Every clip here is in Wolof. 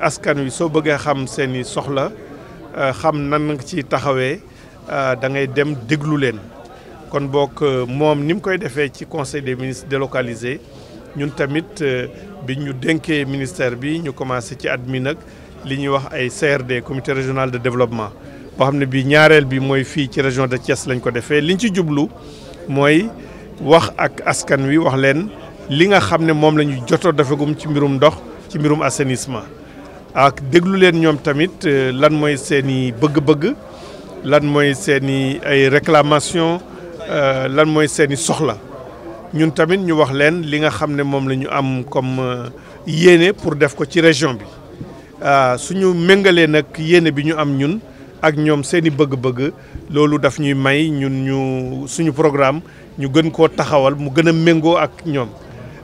askan wi soo bëggee xam seeni i soxla euh, xam nan nga ci taxawee euh, da ngay dem déglu leen kon boog euh, moom ni mu koy defee ci conseil des ministres délocalisé ñun tamit bi ñu denkee ministère bi ñu commencé ci at mi nag li ñuy wax ay CRD comité régional de développement boo xam ne bii ñaareel bi mooy fii ci région de Thiès lañ ko defee liñ ci jublu mooy wax ak askan wi wax leen li nga xam ne moom la ñu jotoo defagum ci mbirum ndox ci mbirum assainissement ak déglu leen ñoom tamit euh, lan mooy seeni bëgg-bëgg lan mooy seen i ay réclamation euh, lan mooy seen i soxla ñun tamit ñu wax leen li nga xam ne moom la ñu am comme euh, yéene pour def ko ci région bi ah, suñu méngalee nag yéene bi ñu am ñun ak ñoom seen i bëgg-bëgg loolu daf ñuy may ñun ñu suñu programme ñu gën koo taxawal mu gën a méngoo ak ñoom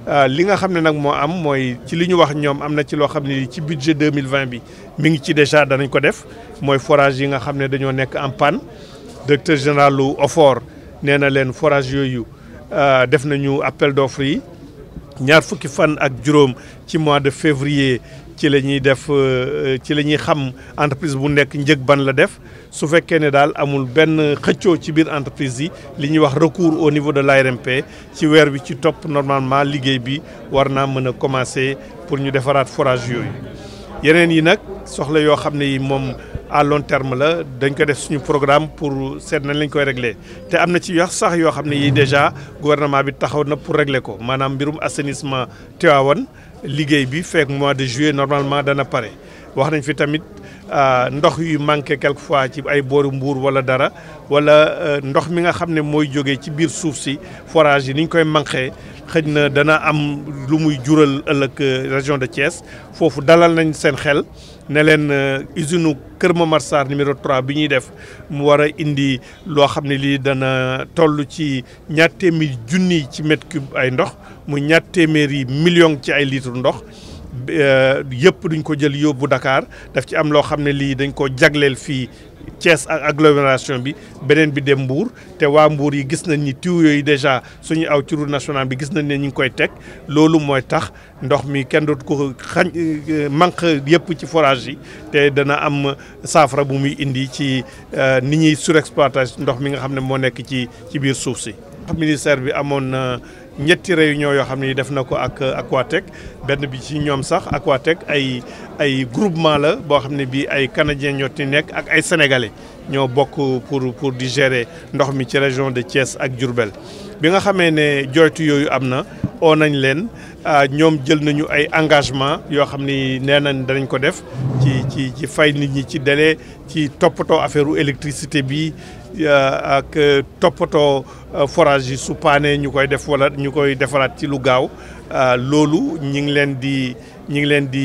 Euh, li nga xamné nak mo am moy ci li ñu wax ñom amna ci lo xamné ci budget 2020. bi mi ngi ci déjà dañ ko def moy forage yi nga xamné dañu nekk en panne directeur général lu OFOR nee na leen forage euh, def nañu appel d'offre yi ñaar fukki fan ak juroom ci mois de février ci lañuy def euh, euh, ci lañuy xam entreprise bu ban la def su amul benn xëccoo ci entreprise recours au niveau de l'ARMP ci weer bi ci normalement liggéey bi war naa mën commencer pour ñu defaraat forage yooyu. yeneen yi nag soxla yoo à long terme la dañ ko pour régler ci déjà gouvernement na pour régler ko assainissement liguey bi fek mois de juillet normalement dana paré wax nañ fi tamit euh, ndox yu manqué quelque fois ci ay booru mbour wala dara wala euh, ndox mi nga xamné moy joggé ci biir souf ci forage ni ñu koy manqué xëj dana am lu muy jural ëllëg euh, région de Thiès fofu dalal nañ sen xel ne leen usine Kër Momar numéro 3 bi ñuy def mu wara indi lo xamné li dana tollu ci ñaar téeméeri junni ci mètre cube ay ndox mu ñaar téeméeri million ci ay litres litre ndox euh, yëpp duñ ko jël yóbbu Dakar daf ci am loo xam ne lii dañ ko jagleel fii Thiès ak agglomération bi beneen bi dem mbuur te waa mbuur yi gis nañ ni tiw yooyu déjà suñu aw ci route nationale bi gis nañ ne ñu ngi koy teg loolu mooy tax ndox mi kenn du ko xañ euh, manque yëpp ci forage yi te dana am saafara bu muy indi ci euh, ni ñuy surexploitation ndox mi nga xam ne moo nekk ci ci biir suuf si ministère bi amoon ñetti réunion yo xamni ne def na ak Aquatech benn bi ci ñom sax Aquatech ay ay groupement la bo xamni bi ay canadiens ñoo nek ak ay sénégalais ñoo bokk pour pour di gérer ndox mi ci région de Thiès ak Diourbel bi nga xamé né joytu yoyu amna oo nañ leen ah, ñoom jël nañu ay engagement yoo xam ni nee nañ danañ ko def ci ci ci fay nit ñi ci délai ci toppatoo affaire u électricité bi ah, ak euh, toppatoo euh, forage yi su paanee ñu koy def wala ñu koy defaraat ci lu gaaw ah, loolu ñi ngi leen di ñi ngi leen di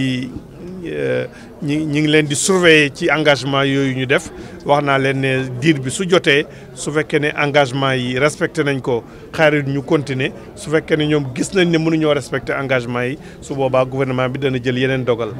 Euh, ñi ñi ngi leen di surveiller ci engagement yooyu ñu def wax naa leen ne diir bi su jotee su fekkee ne engagement yi respecté nañ ko xaarit ñu continuer su fekkee ne ñoom gis nañ ne mënuñoo respecté engagement yi su boobaa gouvernement bi dana jël yeneen dogal